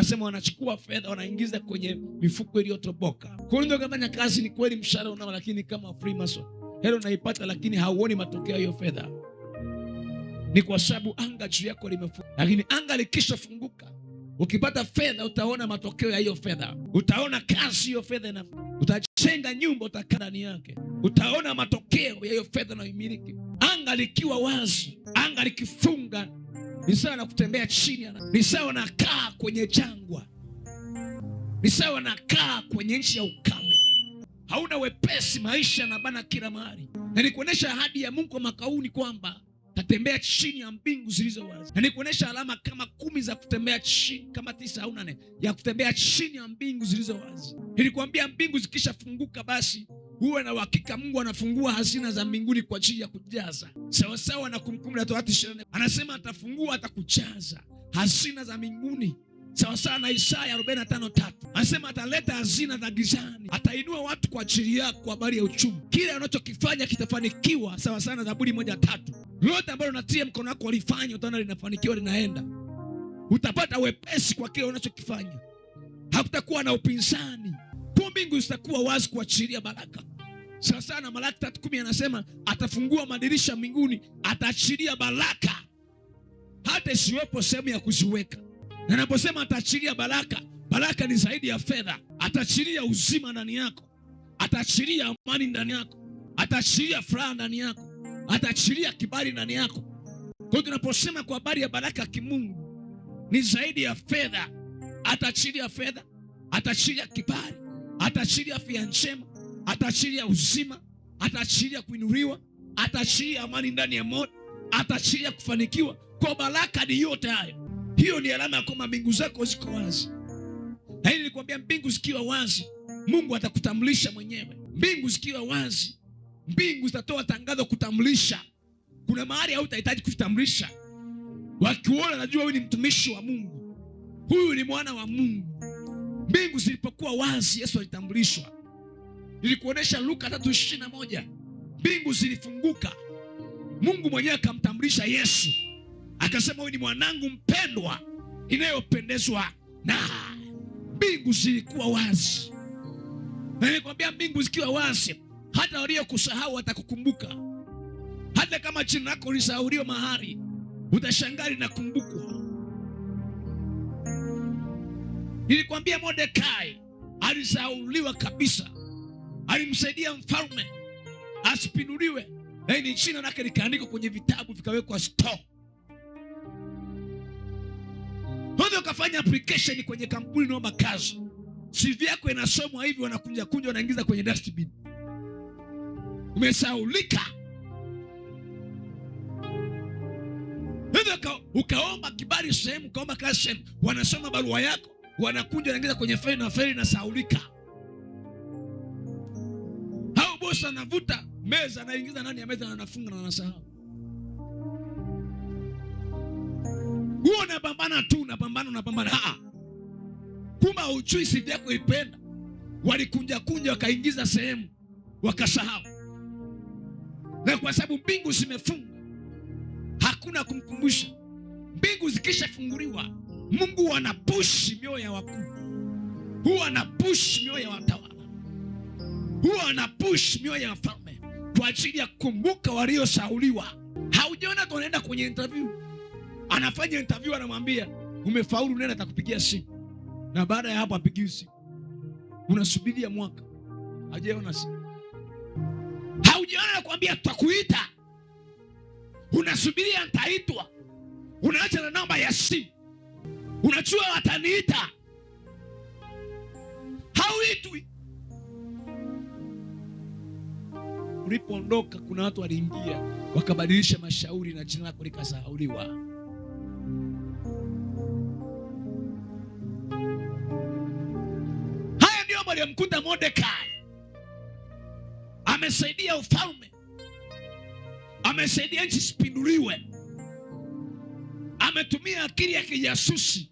anasema wanachukua fedha wanaingiza kwenye mifuko iliyotoboka. Kwa hiyo kafanya kazi, ni kweli mshahara unao, lakini kama Freemason hela unaipata, lakini hauoni matokeo hiyo fedha. Ni kwa sababu anga juu yako limefunguka, lakini anga likishafunguka ukipata fedha utaona matokeo ya hiyo fedha, utaona kazi hiyo fedha na utajenga nyumba, utakaa ndani yake, utaona matokeo ya hiyo fedha na uimiliki. Anga likiwa wazi, anga likifunga ni sawa na kutembea chini, ni sawa na kaa kwenye jangwa, ni sawa na kaa kwenye nchi ya ukame. Hauna wepesi, maisha na bana kila mahali, na nikuonyesha ahadi ya Mungu kwa makauni kwamba tatembea chini ya mbingu zilizo wazi. Na nikuonyesha alama kama kumi za kutembea chini, kama tisa au nane ya kutembea chini ya mbingu zilizo wazi. Nilikuambia mbingu zikishafunguka basi huwe na uhakika Mungu anafungua hazina za mbinguni kwa ajili ya kujaza, sawasawa na Kumbukumbu la Torati ishirini anasema atafungua, atakujaza hazina za mbinguni sawasawa na Isaya 45:3 anasema ataleta hazina za gizani, atainua watu kwa ajili yako kwa habari ya uchumi. Kile unachokifanya kitafanikiwa, sawasawa na Zaburi moja tatu. Lolote ambalo unatia mkono wako walifanya, utaona linafanikiwa, linaenda. Utapata wepesi kwa kile unachokifanya, hakutakuwa na upinzani. Puu mbingu zitakuwa wazi kuachilia baraka, sawasawa na Malaki 3:10 Anasema atafungua madirisha mbinguni, ataachilia baraka hata isiwepo sehemu ya kuziweka. Na naposema ataachilia baraka, baraka ni zaidi ya fedha. Ataachilia uzima ndani yako, ataachilia amani ndani yako, ataachilia furaha ndani yako, ataachilia kibali ndani yako. Kwa hiyo tunaposema kwa habari ya baraka kimungu ni zaidi ya fedha. Ataachilia fedha, ataachilia kibali, ataachilia afya njema, ataachilia uzima, ataachilia kuinuliwa, ataachilia amani ndani ya moyo, ataachilia kufanikiwa. Kwa baraka ni yote hayo. Hiyo ni alama ya kwamba mbingu zako ziko wazi, na hili nilikwambia, mbingu zikiwa wazi, Mungu atakutambulisha mwenyewe. Mbingu zikiwa wazi, mbingu zitatoa tangazo kutambulisha. Kuna mahali hautahitaji kutambulisha, wakiona najua huyu ni mtumishi wa Mungu, huyu ni mwana wa Mungu. Mbingu zilipokuwa wazi, Yesu alitambulishwa. Nilikuonesha Luka tatu ishirini na moja, mbingu zilifunguka, Mungu mwenyewe akamtambulisha Yesu akasema huyu ni mwanangu mpendwa inayopendezwa na mbingu zilikuwa wazi. Nilikwambia mbingu zikiwa wazi, hata waliokusahau watakukumbuka. Hata kama jina lako lisahauliwa mahali, utashangaa linakumbukwa. Nilikwambia Mordekai alisahauliwa kabisa, alimsaidia mfalme asipinduliwe, lakini jina lake likaandikwa kwenye vitabu, vikawekwa store Unaweza ukafanya application kwenye kampuni naomba kazi, CV yako inasomwa hivi, wanakunja kunja, wanaingiza kwenye dustbin. Umesaulika hivyo, ukaomba kibali sehemu, ukaomba kazi sehemu, wanasoma barua yako, wanakunja, wanaingiza kwenye faili na faili inasaulika. Hao bosi anavuta meza, anaingiza ndani ya meza na anafunga na anasahau. unapambana tu, unapambana, unapambana. Kumbe haujui sidi yako walikunja kunja wakaingiza sehemu wakasahau, na kwa sababu mbingu zimefunga hakuna kumkumbusha. Mbingu zikishafunguliwa, Mungu huwa anapushi mioyo ya wakuu, huwa anapushi mioyo ya watawala, huwa anapushi mioyo ya wafalme kwa ajili ya kukumbuka waliosauliwa. Haujaona tunaenda kwenye interview anafanya interview, anamwambia umefaulu, nenda atakupigia simu, na baada ya hapo apigiwi simu. Unasubiria mwaka hajaona simu, haujaona kuambia tutakuita, unasubiria nitaitwa, unaacha na namba ya simu, unajua wataniita, hauitwi. Ulipoondoka kuna watu waliingia wakabadilisha mashauri na jina lako likasahauliwa. aliyemkuta Mordekai. Amesaidia ufalme, amesaidia nchi sipinduliwe, ametumia akili ya kijasusi,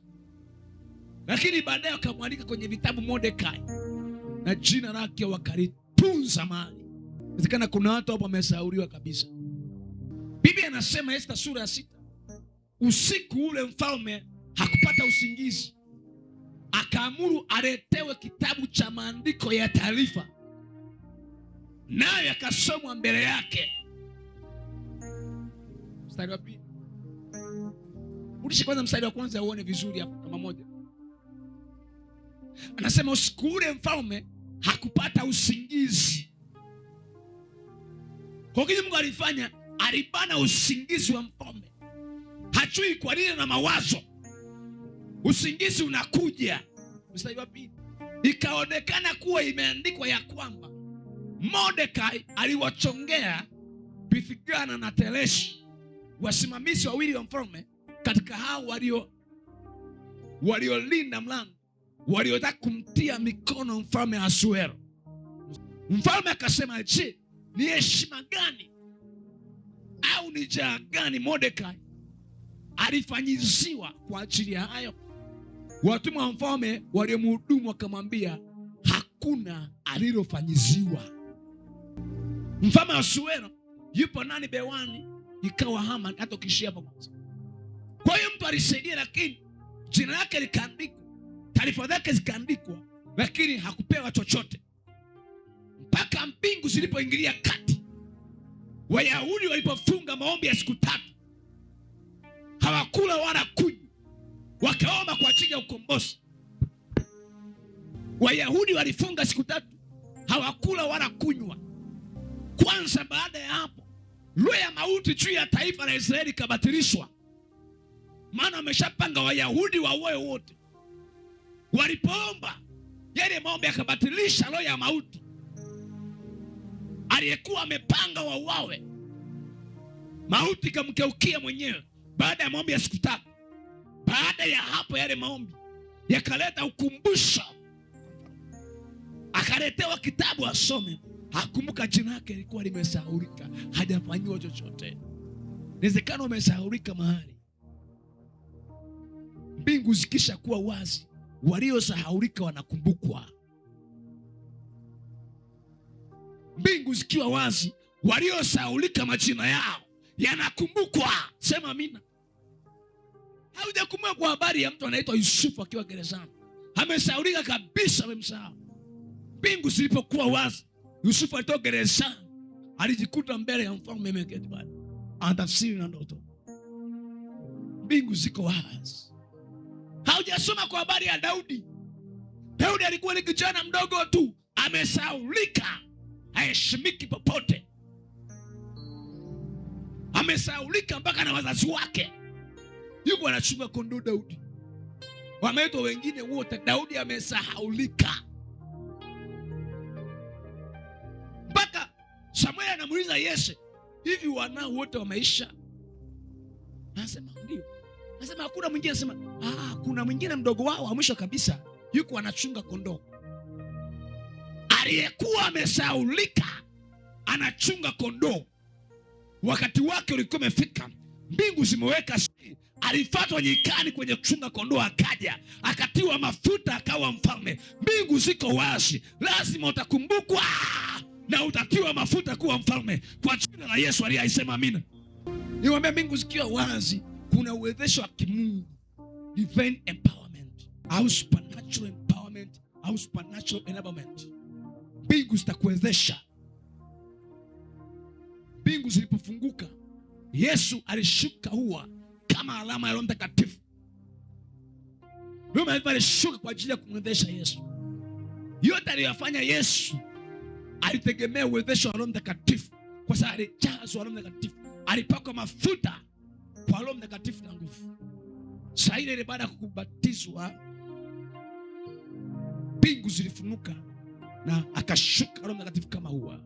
lakini baadaye akamwandika kwenye vitabu Mordekai na jina lake wakalitunza mali. Inawezekana kuna watu hapo wamesahauliwa kabisa. Biblia anasema Esta sura ya sita, usiku ule mfalme hakupata usingizi akaamuru aletewe kitabu cha maandiko ya taarifa, naye akasomwa mbele yake. Mstari wa pili, rudishe kwanza mstari wa kwanza uone vizuri hapo kama moja. Anasema usiku ule mfalme hakupata usingizi. Kwa kile Mungu alifanya, alibana usingizi wa mfalme, hachui kwa nini na mawazo usingizi unakuja. Mstari wa pili, ikaonekana kuwa imeandikwa ya kwamba Mordekai aliwachongea Bigthana na Tereshi, wasimamizi wawili wa mfalme, katika hao walio waliolinda mlango, waliotaka kumtia mikono mfalme Asuero. Mfalme akasema, je, ni heshima gani au ni jaa gani Mordekai alifanyiziwa kwa ajili ya hayo? Watumwa wa mfalme waliomhudumu wakamwambia, hakuna alilofanyiziwa mfalme wa Suero Yupo nani bewani? Ikawa Haman, hata ukishia hapo. Kwa hiyo mtu alisaidia, lakini jina lake likaandikwa, taarifa zake zikaandikwa, lakini hakupewa chochote mpaka mbingu zilipoingilia kati. Wayahudi walipofunga maombi ya siku tatu, hawakula wala kunywa wakaomba kwa ajili ya ukombozi. Wayahudi walifunga siku tatu, hawakula wala kunywa. Kwanza baada ya hapo, roho ya mauti juu ya taifa la Israeli ikabatilishwa, maana wameshapanga Wayahudi wawoe wote. Walipoomba yale maombi, akabatilisha roho ya mauti aliyekuwa amepanga wawawe Mauti kamkeukia mwenyewe baada ya maombi ya siku tatu. Baada ya hapo, yale maombi yakaleta ukumbusho, akaletewa kitabu asome. Hakumbuka jina yake ilikuwa limesahaulika, hajafanyiwa chochote. Inawezekana umesahaulika mahali. Mbingu zikisha kuwa wazi, waliosahaulika wanakumbukwa. Mbingu zikiwa wazi, waliosahaulika majina yao yanakumbukwa. Sema amina. Haujakumbuka kwa habari ya mtu anaitwa Yusufu akiwa gerezani, amesaulika kabisa, amemsahau. Mbingu zilipokuwa wazi, Yusufu alitoka gerezani, alijikuta mbele ya mfalme ameketi pale, anatafsiri na ndoto. Mbingu ziko wazi. Haujasoma kwa habari ya Daudi. Daudi alikuwa ni kijana mdogo tu, amesaulika haheshimiki popote, amesaulika mpaka na wazazi wake yuko anachunga kondoo Daudi, wameitwa wengine wote, Daudi amesahaulika. Mpaka Samueli anamuuliza Yese, hivi wanao wote wameisha? Anasema ndio. Anasema hakuna mwingine, anasema ah, kuna mwingine mdogo wao wa mwisho kabisa yuko anachunga kondoo, aliyekuwa amesahaulika anachunga kondoo. Wakati wake ulikuwa umefika, mbingu zimeweka alifatwa nyikani kwenye kuchunga kondoo, akaja akatiwa mafuta, akawa mfalme. Mbingu ziko wazi, lazima utakumbukwa na utatiwa mafuta kuwa mfalme kwa jina la Yesu aliye aisema, amina. Niwaambia, mbingu zikiwa wazi, kuna uwezesho wa kimungu, divine empowerment au supernatural empowerment au supernatural enablement. Mbingu zitakuwezesha. Mbingu zilipofunguka, Yesu alishuka huwa kama alama ya Roho Mtakatifu. Roho Mtakatifu alishuka kwa ajili ya kumwezesha Yesu. Yote aliyofanya Yesu alitegemea uwezesho wa Roho Mtakatifu, kwa sababu alijazwa Roho Mtakatifu, alipakwa mafuta kwa Roho Mtakatifu na nguvu. Saa ile ile baada ya kubatizwa, mbingu zilifunuka na akashuka Roho Mtakatifu kama huwa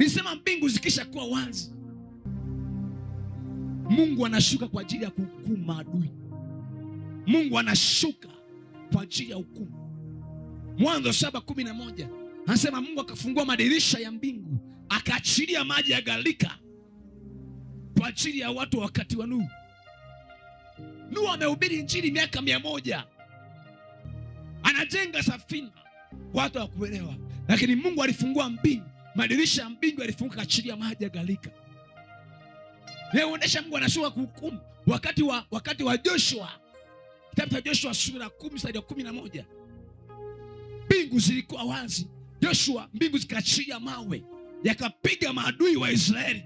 nisema, mbingu zikisha kuwa wazi Mungu anashuka kwa ajili ya kuhukumu maadui. Mungu anashuka kwa ajili ya hukumu. Mwanzo saba kumi na moja anasema Mungu akafungua madirisha ya mbingu akaachilia maji ya galika kwa ajili ya watu wa wakati wa Nuhu. Nuhu amehubiri injili miaka mia moja anajenga safina, watu wakuelewa lakini Mungu alifungua mbingu, madirisha ya mbingu alifunguka, akaachilia maji ya galika Leo Mungu anashuka kuhukumu. Wakati wa wakati wa Joshua, kitabu cha Joshua sura kumi mstari wa kumi na moja mbingu zilikuwa wazi, Joshua mbingu zikachia mawe yakapiga maadui wa Israeli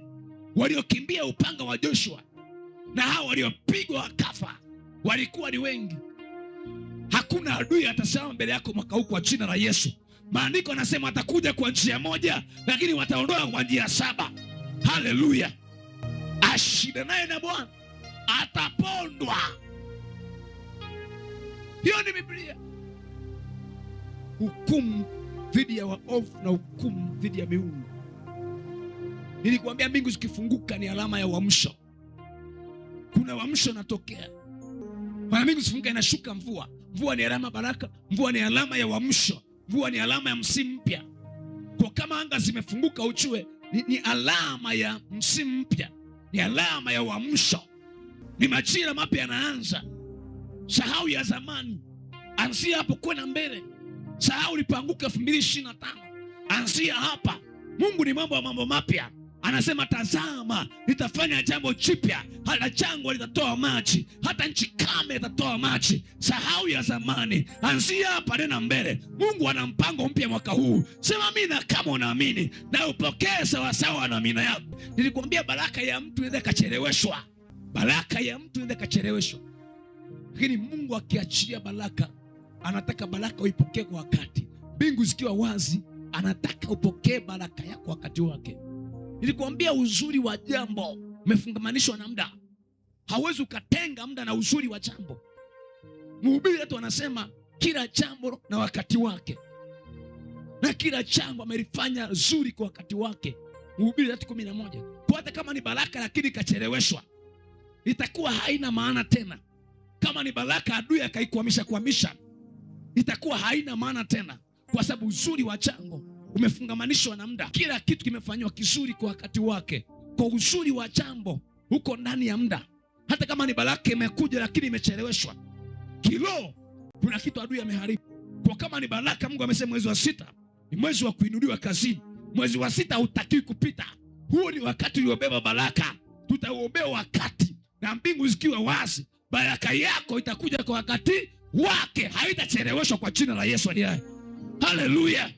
waliokimbia upanga wa Joshua, na hao waliopigwa wakafa walikuwa ni wengi. Hakuna adui atasimama mbele yako mwaka huu kwa jina la Yesu. Maandiko anasema atakuja kwa njia moja, lakini wataondoa kwa njia saba. Haleluya! naye na Bwana atapondwa. Hiyo ni Biblia, hukumu dhidi ya waovu na hukumu dhidi ya miungu. Nilikuambia mbingu zikifunguka ni alama ya uamsho. Kuna uamsho unatokea bana, mbingu zikifunguka inashuka mvua. Mvua ni alama baraka, mvua ni alama ya uamsho, mvua ni alama ya msimu mpya. Kwa kama anga zimefunguka, ujue ni, ni alama ya msimu mpya ni alama hmm. ya uamsho, ni majira mapya yanaanza. Sahau ya zamani, anzia hapo kwenda mbele. Sahau ulipoanguka elfu mbili ishirini na tano, anzia hapa. Mungu ni mambo ya mambo mapya anasema tazama, nitafanya jambo jipya, hata jangwa litatoa maji, hata nchi kame itatoa maji. Sahau ya zamani, anzia hapa, nena mbele. Mungu ana mpango mpya mwaka huu. Sema amina kama unaamini, na upokee sawasawa na amina yako. Nilikuambia baraka ya mtu inaweza ikacheleweshwa, baraka ya mtu inaweza ikacheleweshwa, lakini Mungu akiachilia baraka, anataka baraka uipokee kwa wakati. Mbingu zikiwa wazi, anataka upokee baraka yako wakati wake. Nilikuambia uzuri wa jambo umefungamanishwa na muda, hauwezi ukatenga muda na uzuri wa jambo. Mhubiri wetu anasema kila jambo na wakati wake, na kila jambo amelifanya zuri kwa wakati wake. Mhubiri wetu kumi na moja. Kwa hata kama ni baraka lakini ikacheleweshwa, itakuwa haina maana tena. Kama ni baraka adui akaikwamisha kwamisha, itakuwa haina maana tena, kwa sababu uzuri wa jambo umefungamanishwa na muda. Kila kitu kimefanywa kizuri kwa wakati wake, kwa uzuri wa jambo huko ndani ya muda. Hata kama ni baraka imekuja, lakini imecheleweshwa kilo. Kuna kitu adui ameharibu. Kwa kama ni baraka, Mungu amesema mwezi wa sita ni mwezi wa kuinuliwa kazini. Mwezi wa sita hautakiwi kupita. Huo ni wakati uliobeba baraka, Tutaobea wakati na mbingu zikiwa wazi, baraka yako itakuja kwa wakati wake, haitacheleweshwa kwa jina la Yesu aliye Haleluya!